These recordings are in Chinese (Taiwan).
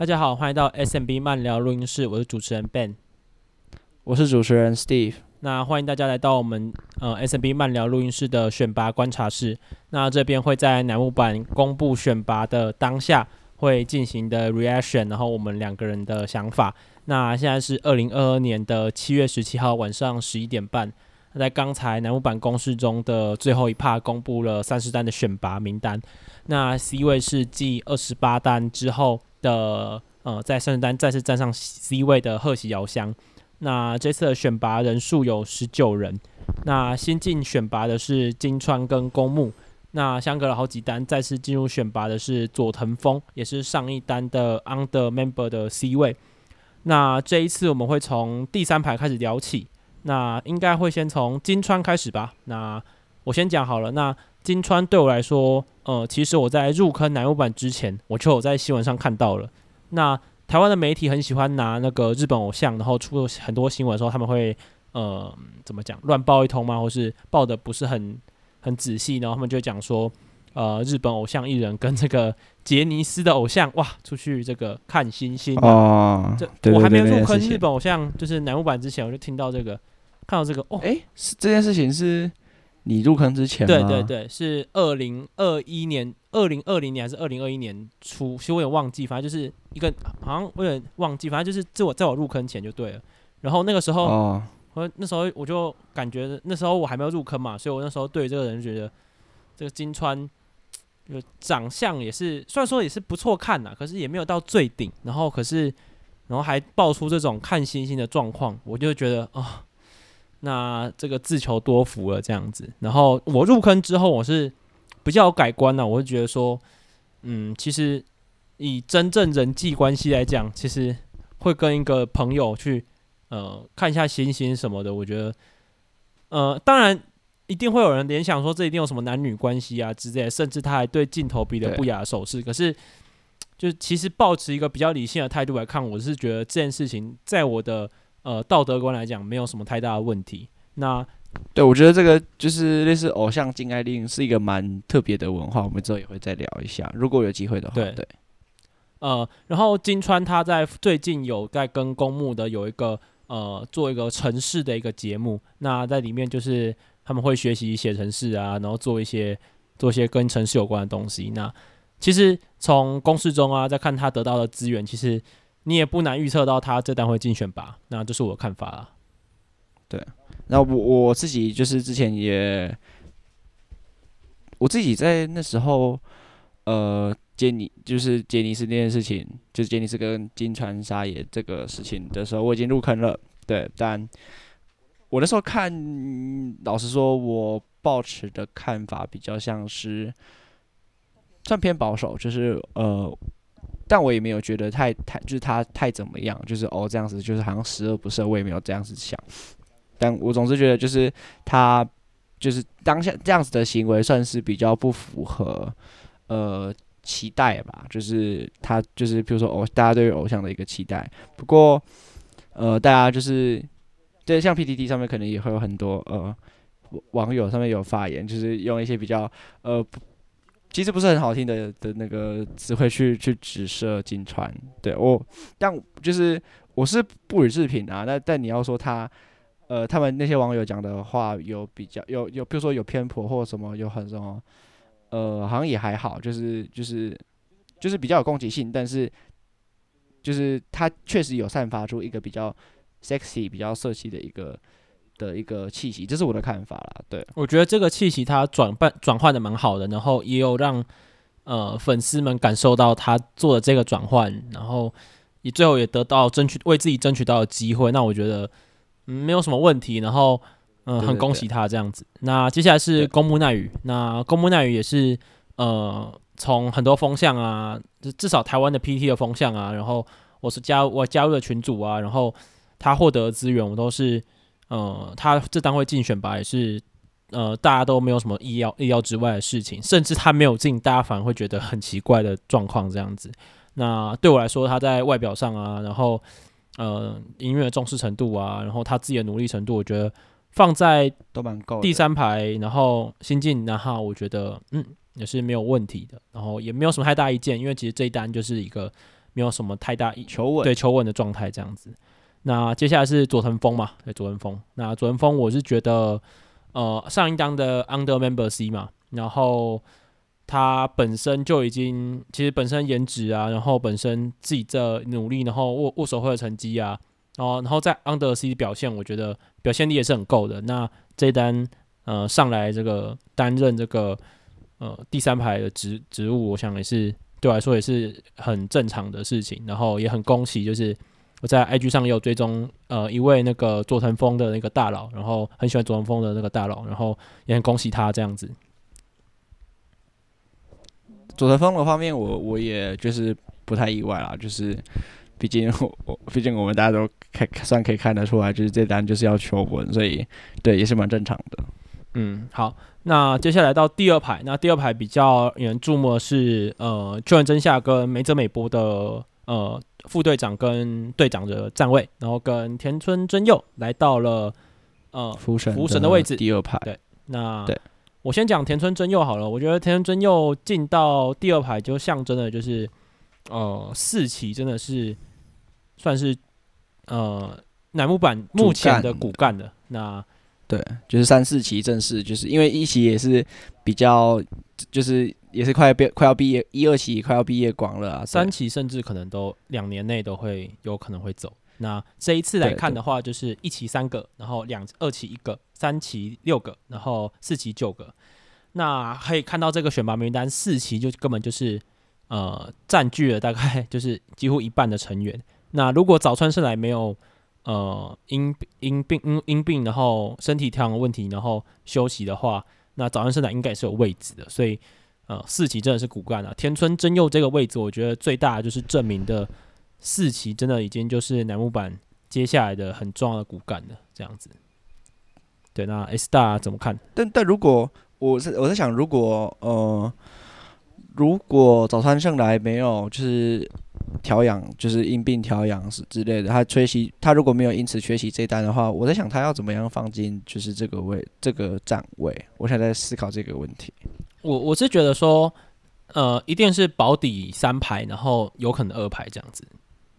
大家好，歡迎到 S&B 慢聊錄音室，我是主持人 Ben，我是主持人 Steve。那歡迎大家來到我們呃 S&B 慢聊錄音室的選拔觀察室。那這邊會在乃木坂公布選拔的當下會進行的 reaction，然後我們兩個人的想法。那現在是二零二二年的七月十七號晚上十一點半。那在剛才乃木坂公示中的最後一趴公布了三十單的選拔名單。那 C 位是繼二十八單之後。的呃，在三十單再次站上 C 位的賀喜遙香，那這次的選拔人數，有十九人，那新進選拔的是金川跟弓木，那相隔了好幾單再次進入選拔的是佐藤楓，也是上一單的 Under Member 的 C 位。那這一次我們會從第三排開始聊起，那應該會先從金川開始吧，那我先講好了，那。金川對我來說，呃，其實我在入坑乃木坂之前，我就有在新聞上看到了。那台灣的媒體很喜歡拿那個日本偶像，然後出很多新聞的時候，他們會呃怎麼講，亂報一通嗎？或是報的不是很很仔細？然後他們就講說，呃，日本偶像藝人跟這個傑尼斯的偶像哇，出去這個看星星、啊、哦。這對對對，我還沒有入坑日本偶像，就是乃木坂之前，我就聽到這個，看到這個哦，哎、欸，這件事情是你入坑之前，對對對，是二零二一年，二零二零年還是二零二一年初？其實我也忘記，反正就是一個好像，啊，我也忘記，反正就是我在我入坑前就對了。然後那個時候，哦，我那時候我就感覺那時候我還沒有入坑嘛，所以我那時候對這個人覺得這個金川，就長相也是雖然說也是不錯看啦，可是也沒有到最頂，然後可是然後還爆出這種看星星的狀況，我就覺得啊。哦那這個自求多福了這樣子。然後我入坑之後，我是比較有改觀了、啊。我就覺得說，嗯，其實以真正人際關係來講，其實會跟一個朋友去，呃，看一下星星什麼的。我覺得，呃，當然一定會有人聯想說，這一定有什麼男女關係啊之類的。甚至他還對鏡頭比的不雅的手勢。對 可是，就是其實抱持一個比較理性的態度來看，我是覺得這件事情，在我的。呃，道德觀來講，沒有什麼太大的問題。那對我覺得這個就是類似偶像禁愛令，是一個蠻特別的文化。我們之後也會再聊一下，如果有機會的話。對，對。呃，然後金川他在最近有在跟公募的有一個呃，做一個城市的一個節目。那在裡面就是他們會學習寫程式啊，然後做一些做一些跟城市有關的東西。那其實從公司中啊，再看他得到的資源，其實。你也不難預測到他這單會進選拔。那這是我的看法了。對，那我我自己就是之前也，我自己在那時候，呃，傑尼就是傑尼斯那件事情，就傑尼斯跟金川紗耶這個事情的時候，我已經入坑了。對，但我那時候看，嗯、老實說，我抱持的看法比較像是，算偏保守，就是呃。但我也沒有覺得太太就是他太怎麼樣，就是哦，這樣子，就是好像十惡不赦，我也沒有這樣子想。但我總是覺得就是他就是當下這樣子的行為算是比較不符合呃期待吧，就是他就是比如說哦，大家對於偶像的一個期待，不過呃大家就是對像 PTT 上面可能也會有很多呃網友上面有發言，就是用一些比較呃。其實不是很好聽的的那個詞彙，去去指涉金川對我，但就是我是不予置評啊。那但你要說他，呃，他們那些網友講的話有比較有有，比如說有偏頗或什麼，有很什麼，呃，好像也還好，就是就是就是比較有攻擊性，但是就是他確實有散發出一個比較 sexy、比較色氣的一個。的一個氣息，這，就是我的看法啦。對，我覺得這個氣息它轉變轉換的蠻好的，然後也有讓呃粉絲們感受到他做的這個轉換，然後你最後也得到爭取為自己爭取到的機會，那我覺得、嗯、沒有什麼問題。然後嗯，呃、對對對很恭喜他這樣子。那接下來是弓木奈於，對那弓木奈於也是呃從很多風向啊，至少台灣的 PT 的風向啊，然後我是加我加入了群組啊，然後他獲得的資源，我都是。呃，他這單會進選拔吧，也是，呃，大家都沒有什麼意料意料之外的事情，甚至他沒有進，大家反而會覺得很奇怪的狀況這樣子。那對我來說，他在外表上啊，然後，呃，音樂的重視程度啊，然後他自己的努力程度，我覺得放在第三排，都蠻夠的，然後新進，然後我覺得嗯也是沒有問題的，然後也沒有什麼太大意見，因為其實這一單就是一個沒有什麼太大意求穩穩對求穩的狀態這樣子。那接下來是佐藤楓嘛？對，佐藤楓。那佐藤楓，我是覺得，呃，上一單的 Under Member C 嘛，然後他本身就已經其實本身顏值啊，然後本身自己的努力，然後握握手會的成績啊，然後然後在 Under C 的表現，我覺得表現力也是很夠的。那這一單，呃，上來這個擔任這個呃第三排的職職務，我想也是對我來說也是很正常的事情，然後也很恭喜就是。我在 IG 上也有追蹤，呃，一位那個佐藤楓的那個大佬，然後很喜歡佐藤楓的那個大佬，然後也很恭喜他這樣子。佐藤楓的方面我，我我也就是不太意外啦，就是畢竟我我畢竟我們大家都看算可以看得出來，就是這單就是要求穩，所以對，也是蠻正常的。嗯，好，那接下來到第二排，那第二排比較引人注目的是呃，秋元真夏跟梅澤美波的呃。副隊長跟隊長的站位，然後跟田村真佑來到了，呃，福神福神的位置第二排。對，那對我先講田村真佑好了。我覺得田村真佑進到第二排，就象徵的就是，呃，四期真的是算是呃乃木坂目前的骨幹的。的那對，就是三四期正式，就是因為一期也是比較就是。也是快畢業，快要畢業一二期快要畢業廣了，啊，三期甚至可能都兩年內都會有可能會走。那這一次來看的話，就是一期三個，然後兩二期一個，三期六個，然後四期九個。那可以看到這個選拔名單，四期就根本就是呃占據了大概就是幾乎一半的成員。那如果早川聖來沒有呃因因病因病然後身體調整的問題然後休息的話，那早川聖來應該也是有位置的，所以。啊、呃，四期真的是骨幹了，啊。田村真佑這個位置，我覺得最大的就是證明的四期真的已經就是乃木坂接下來的很重要的骨幹了。這樣子，對，那 S 大怎麼看？但但如果我是我在想，如果呃，如果早川聖來沒有就是調養，就是因病調養是之類的，他缺席，他如果沒有因此缺席這一單的話，我在想他要怎麼樣放進就是這個位這個站位？我想在思考這個問題。我我是覺得說，呃，一定是保底三排，然後有可能二排這樣子，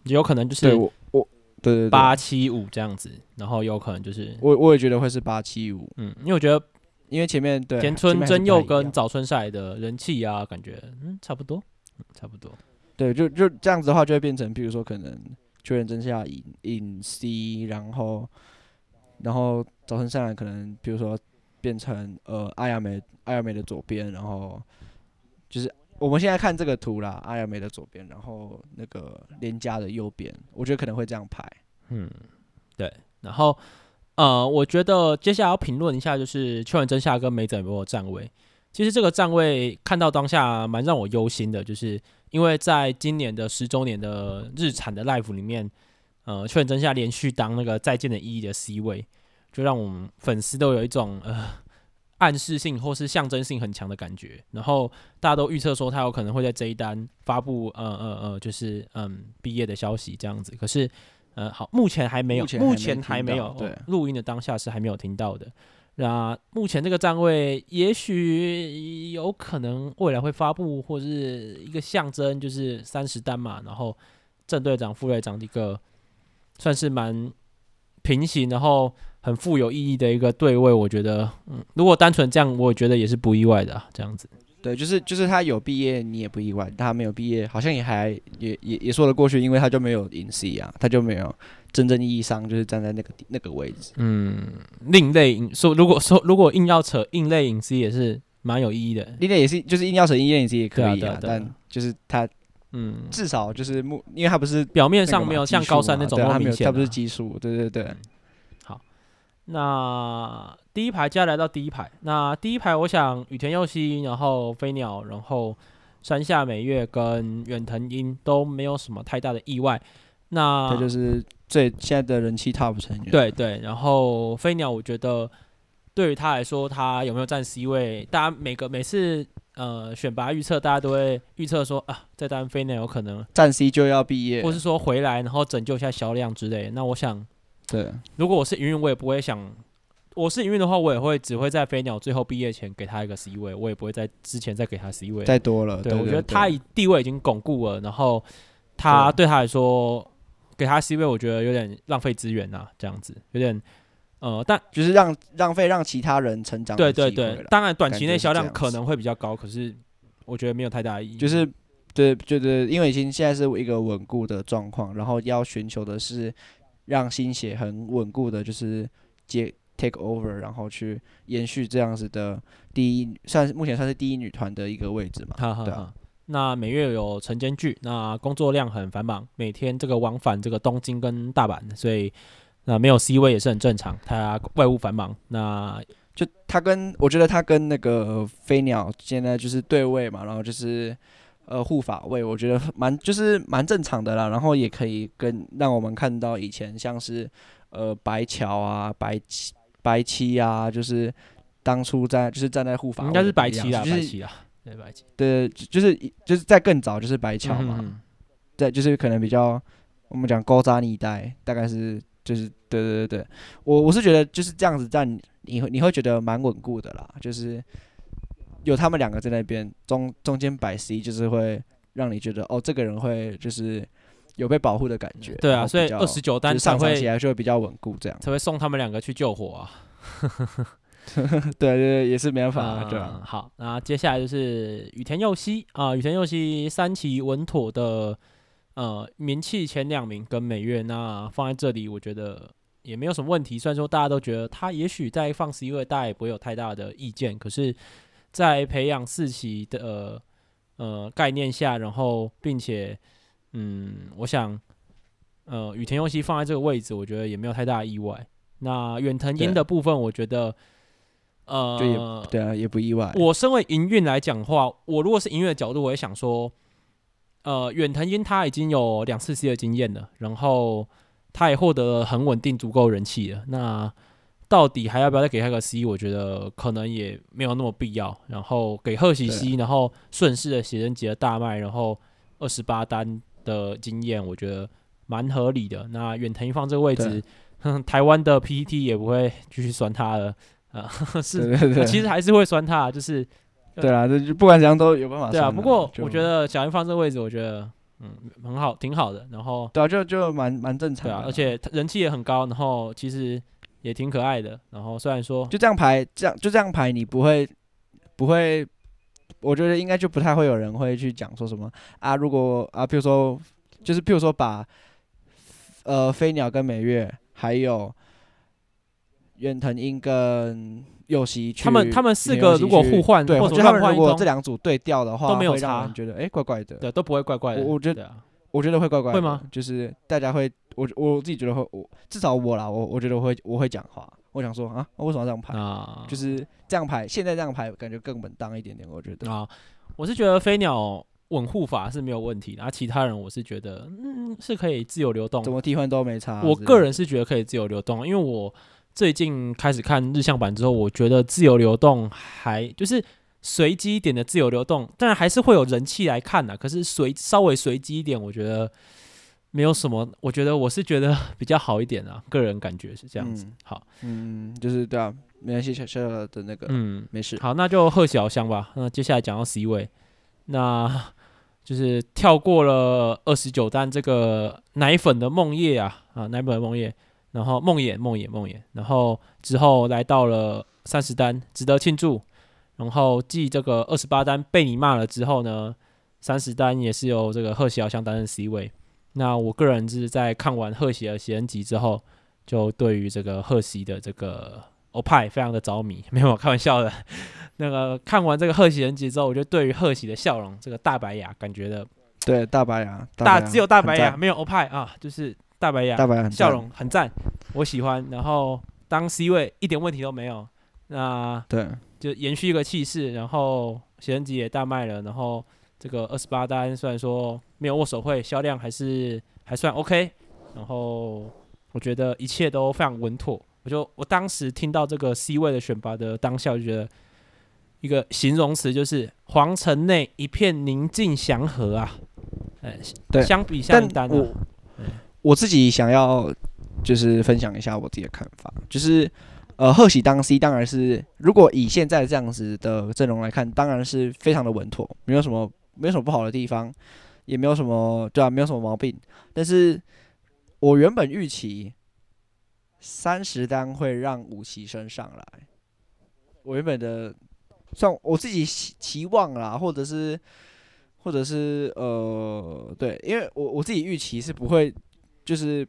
有可能就是8，對，我，我對對八七五這樣子，然後有可能就是我我也覺得會是八七五，嗯，因為我覺得因為前面田村真佑跟早春賽的人氣啊，感覺嗯差不多，差不多，嗯，差不多，對，就就這樣子的話，就會變成比如說可能秋元真夏引引 C，然後然後早春賽可能比如說。變成呃，阿亞美，阿亞美的左邊，然後就是我們現在看這個圖啦，阿亞美的左邊，然後那個蓮加的右邊，我覺得可能會這樣排，嗯，對，然後呃，我覺得接下來要評論一下，就是秋元真夏跟梅澤美波的站位。其實這個站位看到當下蠻讓我憂心的，就是因為在今年的十周年的日產的 Live 裡面，呃，秋元真夏連續當那個再見的意義的 C 位。就讓我們粉絲都有一種呃，暗示性或是象徵性很強的感覺，然後大家都預測說他有可能會在這一單發布呃呃呃就是嗯畢業的消息這樣子。可是呃好，目前還沒有，目前沒聽到，目前還沒有，對，哦，錄音的當下是還沒有聽到的。那目前這個站位，也許有可能未來會發布，或是一個象徵，就是三十單嘛。然後正隊長、副隊長的一個算是蠻平行，然後。很富有意義的一個對位，我覺得，嗯，如果單純這樣，我覺得也是不意外的、啊、這樣子，對，就是就是他有畢業，你也不意外；他沒有畢業，好像也還也也也說得過去，因為他就沒有隱 C 啊，他就沒有真正意義上就是站在那個那個位置。嗯，另類說，如果說如果硬要扯另類隱 C，也是蠻有意義的。另類也是，就是硬要扯另類隱 C 也可以的、啊。啊啊啊啊、但就是他，嗯，至少就是目，因為他不是表面上沒有像高山那種，他沒有，他不是技術，對對對。嗯。那第一排，接下來到第一排。那第一排，我想與田祐希，然後飛鳥，然後山下美月跟遠藤櫻都沒有什麼太大的意外。那就是最現在的人氣 TOP 成員。對對，然後飛鳥，我覺得對於他來說，他有沒有佔 C 位？大家每個每次呃選拔預測，大家都會預測說啊，這單飛鳥有可能佔 C 就要畢業，或是說回來然後拯救一下銷量之類。那我想。對，如果我是營運，我也不會想；我是營運的話，我也會只會在飛鳥最後畢業前給他一個 C 位，我也不會在之前再給他 C 位。太多了，對，對對對，我覺得他地位已經鞏固了，然後他對吧。對他來說給他 C 位，我覺得有點浪費資源啊，這樣子有點呃，但就是讓浪費讓其他人成長。對對對，當然短期內銷量可能會比較高，是可是我覺得沒有太大的意義。就是對，就是因為已經現在是一個穩固的狀況，然後要尋求的是。讓心血很穩固的，就是接 take over，然後去延續這樣子的第一，算是目前算是第一女團的一個位置嘛。哈哈、啊對啊、那每月有晨間劇，那工作量很繁忙，每天這個往返這個東京跟大阪，所以那沒有 C 位也是很正常。他外務繁忙，那就他跟我覺得他跟那個飛鳥現在就是對位嘛，然後就是。呃，護法位我覺得蠻就是蠻正常的啦，然後也可以跟讓我們看到以前像是呃白橋啊、白七、白七啊，就是當初在就是站在護法，應該是白七啊，就是、白七啊，對白七，對，就是就是在更早就是白橋嘛，嗯、哼哼對，就是可能比較我們講高扎那一代，大概是就是對對對對，我我是覺得就是這樣子站，你會你會覺得蠻穩固的啦，就是。有他們兩個在那邊中中間擺 C，就是會讓你覺得哦，這個人會就是有被保護的感覺。對啊，所以二十九單就上分起來就會比較穩固，這樣才會，才會送他們兩個去救火，啊。 對，對對，也是沒辦法這、啊、樣。嗯啊、好，那接下來就是與田祐希啊，與、呃、田祐希三期穩妥的呃名氣前兩名跟美月，那放在這裡我覺得也沒有什麼問題。雖然說大家都覺得他也許在放 C 位，大家也不會有太大的意見，可是。在培養四期的呃，呃概念下，然後並且嗯，我想呃與田祐希放在這個位置，我覺得也沒有太大意外。那遠藤櫻的部分，我覺得對呃對啊，也不意外。我身為營運來講的話，我如果是營運的角度，我也想說，呃遠藤櫻他已經有兩次 C 的經驗了，然後他也獲得了很穩定、足夠人氣了。那。到底還要不要再給他個 C？我覺得可能也沒有那麼必要。然後給賀喜 C，了然後順勢的寫真集的大賣，然後二十八單的經驗，我覺得蠻合理的。那遠藤一放這個位置，對呵呵台灣的 PTT 也不會繼續酸他了啊。是，對對對其實還是會酸他，就是對啊了就，就不管怎樣都有辦法算。對啊，不過我覺得小雲放這個位置，我覺得嗯很好，挺好的。然後對啊，就就蠻蠻正常的、啊，而且人氣也很高。然後其實。也挺可愛的，然後雖然說就這樣排，這樣就這樣排，你不會不會，我覺得應該就不太會有人會去講說什麼啊，如果啊，譬如說就是譬如說把呃飛鳥跟美月，還有遠藤櫻跟祐希他們他們四個如果互換，去互換，對，或者就他們如果這兩組對調的話，都沒有讓人覺得哎、欸、怪怪的，對，都不會怪怪的，我，我覺得。對啊。我覺得會怪怪。會嗎？就是大家會，我我自己覺得會，我至少我啦，我我覺得會，我會講話。我想說啊，啊，為什麼要這樣排？啊，就是這樣排，現在這樣排感覺更穩當一點點。我覺得啊，我是覺得飛鳥穩護法是沒有問題的，然後，啊，其他人我是覺得，嗯，是可以自由流動，怎麼替換都沒差。我個人是覺得可以自由流動，是嗎？因為我最近開始看日向坂之後，我覺得自由流動還就是。隨機一點的自由流動，當然還是會有人氣來看吶、啊。可是隨稍微隨機一點，我覺得沒有什麼。我覺得我是覺得比較好一點啊，個人感覺是這樣子。嗯、好，嗯，就是對啊，沒關係，小小的那個，嗯，沒事。好，那就賀喜遙香吧。那接下來講到 C 位，那就是跳過了二十九單這個奶粉的夢夜啊，啊，奶粉的夢夜，然後夢魘，夢魘，夢魘，然後之後來到了三十單，值得慶祝。然後繼這個二十八單被你罵了之後呢，三十單也是由這個賀喜遙香擔任 C 位。那我個人是在看完賀喜的寫真集之後，就對於這個賀喜的這個歐派非常的着迷沒有，開玩笑的。那個看完這個賀喜寫真集之後，我就對於賀喜的笑容，這個大白牙，感覺的對大白牙，大白牙，大，只有大白牙，很讚。沒有歐派啊，就是大白牙，大白牙笑容很讚，我喜歡。然後當 C 位一點問題都沒有。那、呃、對。就延續一個氣勢，然後寫真集也大賣了，然後這個二十八單雖然說沒有握手會，銷量還是還算 OK。然後我覺得一切都非常穩妥。我就我當時聽到這個 C 位的選拔的當下，我就覺得一個形容詞就是“皇城內一片寧靜祥和”啊。哎，對，相比下單啊，我，對我自己想要就是分享一下我自己的看法，就是。呃，賀喜當 C 當然是，如果以現在這樣子的陣容來看，當然是非常的穩妥，沒有什麼，沒有什麼不好的地方，也沒有什麼，對啊，沒有什麼毛病。但是我原本預期三十單會讓五期升上來，我原本的算我自己期望啦，或者是或者是呃，對，因為我我自己預期是不會就是。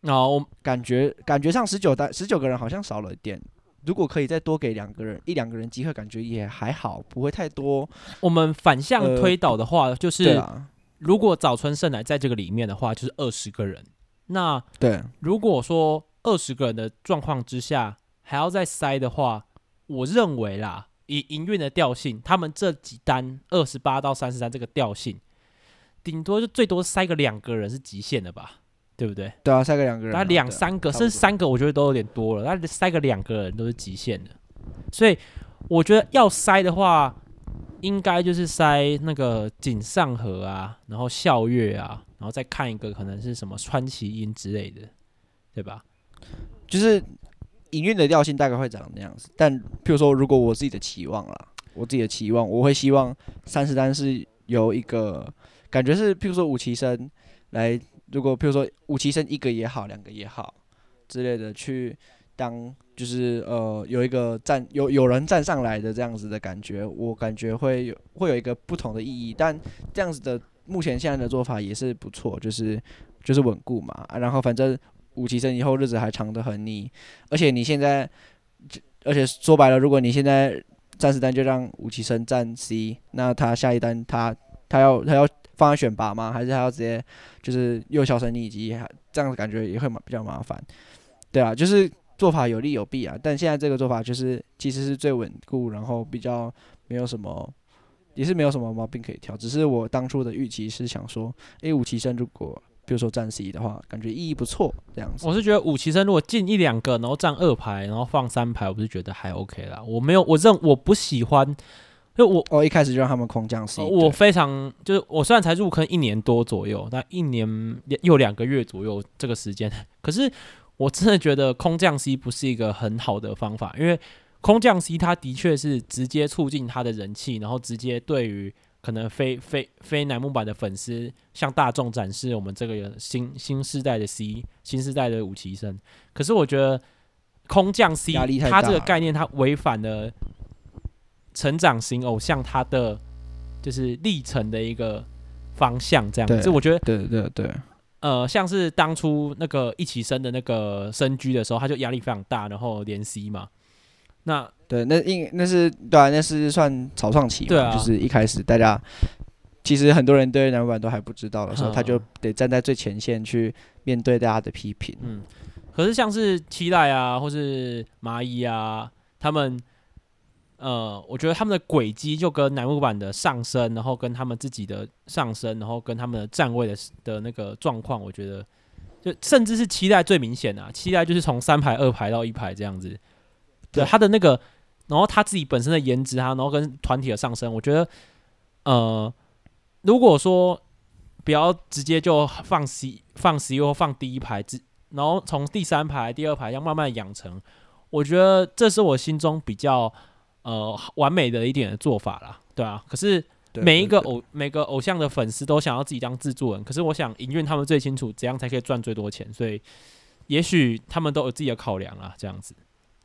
那我、oh, 感覺感覺上十九單十九個人好像少了一點，如果可以再多給兩個人一兩個人，機會感覺也還好，不會太多。我們反向推導的話，呃、就是啦如果早春勝來在這個裡面的話，就是二十個人。那對，如果說二十個人的狀況之下還要再塞的話，我認為啦，以營運的調性，他們這幾單二十八到三十這個調性，頂多就最多塞個兩個人是極限的吧。對不對？對啊，塞個兩個人，那兩三個是甚至三個，我覺得都有點多了。那塞個兩個人都是極限的，所以我覺得要塞的話，應該就是塞那個井上和啊，然後咲月啊，然後再看一個可能是什麼川崎櫻之類的，對吧？就是影院的調性大概會長那樣子。但譬如說，如果我自己的期望啦，我自己的期望，我會希望三十單是由一個感覺是，譬如說五期生來。如果比如說五期生一個也好，兩個也好之類的去當，就是呃有一個站有有人站上來的這樣子的感覺，我感覺會有會有一個不同的意義。但這樣子的目前現在的做法也是不錯，就是就是穩固嘛。然後反正五期生以後日子還長得很呢。而且你現在，而且說白了，如果你現在三十單就讓五期生站 C，那他下一單他。他要他要放在選拔嗎？還是他要直接就是又銷聲匿跡？這樣子感覺也會比較麻煩，對啊，就是做法有利有弊啊。但現在這個做法就是其實是最穩固，然後比較沒有什麼，也是沒有什麼毛病可以挑。只是我當初的預期是想說誒，五期生如果比如說站 C 的話，感覺意義不錯這樣子。我是覺得五期生如果進一兩個，然後站二排，然後放三排，我是覺得還 OK 啦。我沒有，我認我不喜歡。就我，我、哦、一開始就讓他們空降 C、哦、對我非常就是我雖然才入坑一年多左右，那一年又兩個月左右這個時間，可是我真的覺得空降 C 不是一個很好的方法，因為空降 C 它的確是直接促進它的人氣，然後直接對於可能非非非乃木坂的粉絲向大眾展示我們這個新新時代的 C 新時代的武器生。可是我覺得空降 C 它這個概念它違反了。成長型偶像、哦、像他的就是歷程的一個方向，這樣子，對我覺得對對對，呃，像是當初那個一期生的那個生駒的時候，他就壓力非常大，然後連 C 嘛，那對，那應那是對、啊，那是算草創期對、啊、就是一開始大家其實很多人對乃團都還不知道的時候，嗯、他就得站在最前線去面對大家的批評，嗯，可是像是期待啊，或是螞蟻啊，他們。呃，我覺得他們的軌跡就跟乃木坂的上升，然後跟他們自己的上升，然後跟他們的站位的的那個狀況，我覺得就甚至是期待最明顯的、啊、期待，就是從三排、二排到一排這樣子。對他的那個，然後他自己本身的顏值啊，然後跟團體的上升，我覺得，呃，如果說不要直接就放 C 放 C 又放第一排，然後從第三排、第二排要慢慢養成，我覺得這是我心中比較。呃，完美的一點的做法啦，對啊，可是每一個偶對對對每個偶像的粉絲都想要自己當制作人，可是我想營運他們最清楚怎樣才可以賺最多錢，所以也許他們都有自己的考量啊，這樣子，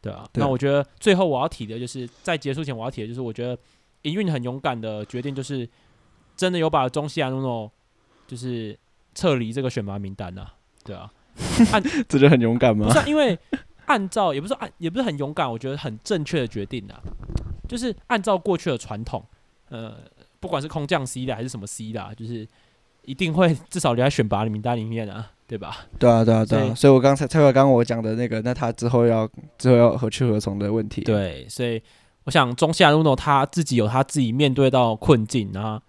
對啊，對那我覺得最後我要提的就是，在結束前我要提的就是，我覺得營運很勇敢的決定，就是真的有把中西アルノ就是撤離這個選拔名單吶、啊，對啊， 啊這就很勇敢嗎？啊、不是，因為。按照也不是按也不是很勇敢，我覺得很正確的決定啊，就是按照過去的傳統，呃，不管是空降 C 的還是什麼 C 的，啊，就是一定會至少留在選拔的名單裡面啊，對吧？對啊，對啊，對啊，所以，所以我剛才才剛剛我講的那個，那他之後要之後要何去何從的問題。對，所以我想中下 u n 他自己有他自己面對到困境啊。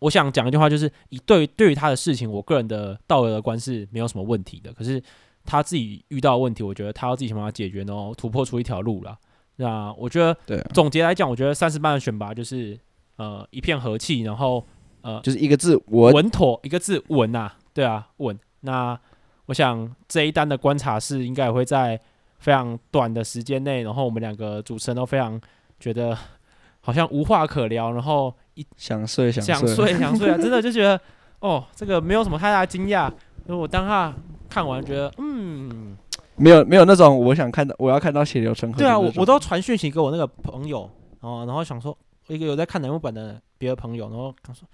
我想講一句話，就是以對對於他的事情，我個人的道德觀是沒有什麼問題的，可是。他自己遇到的問題，我覺得他要自己想辦法解決然後突破出一條路了。那我覺得，總結來講，對我覺得三十班的選拔就是呃一片和氣，然後呃就是一個字穩，穩妥，一個字穩啊，對啊穩。那我想這一單的觀察室應該也會在非常短的時間內，然後我們兩個主持人都非常覺得好像無話可聊，然後一想睡想睡，想睡想睡啊，真的就覺得 哦，這個沒有什麼太大驚訝。所以我當下看完覺得，嗯，沒有沒有那種我想看的，我要看到血流成河。對啊，我我都傳訊息給我那個朋友，然後然後想說一個有在看人物版的別的朋友，然後他說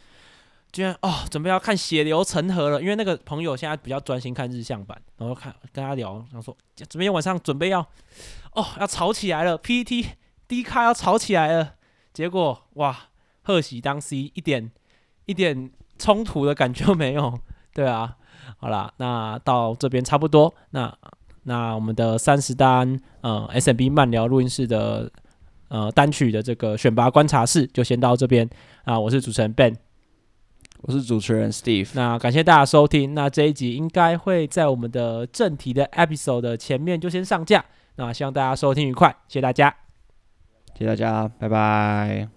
居然哦準備要看血流成河了，因為那個朋友現在比較專心看日向版，然後看跟他聊想說準備晚上準備要哦要吵起來了，PTT、D 卡要吵起來了，結果哇賀喜當 C 一點一點衝突的感覺沒有，對啊。好啦，那到這邊差不多。那那我們的三十單，呃，S&B 慢聊錄音室的呃單曲的這個選拔觀察室就先到這邊啊。我是主持人 Ben，我是主持人 Steve。那感謝大家收聽。那這一集應該會在我們的正題的 episode 的前面就先上架。那希望大家收聽愉快，謝謝大家，謝謝大家，拜拜。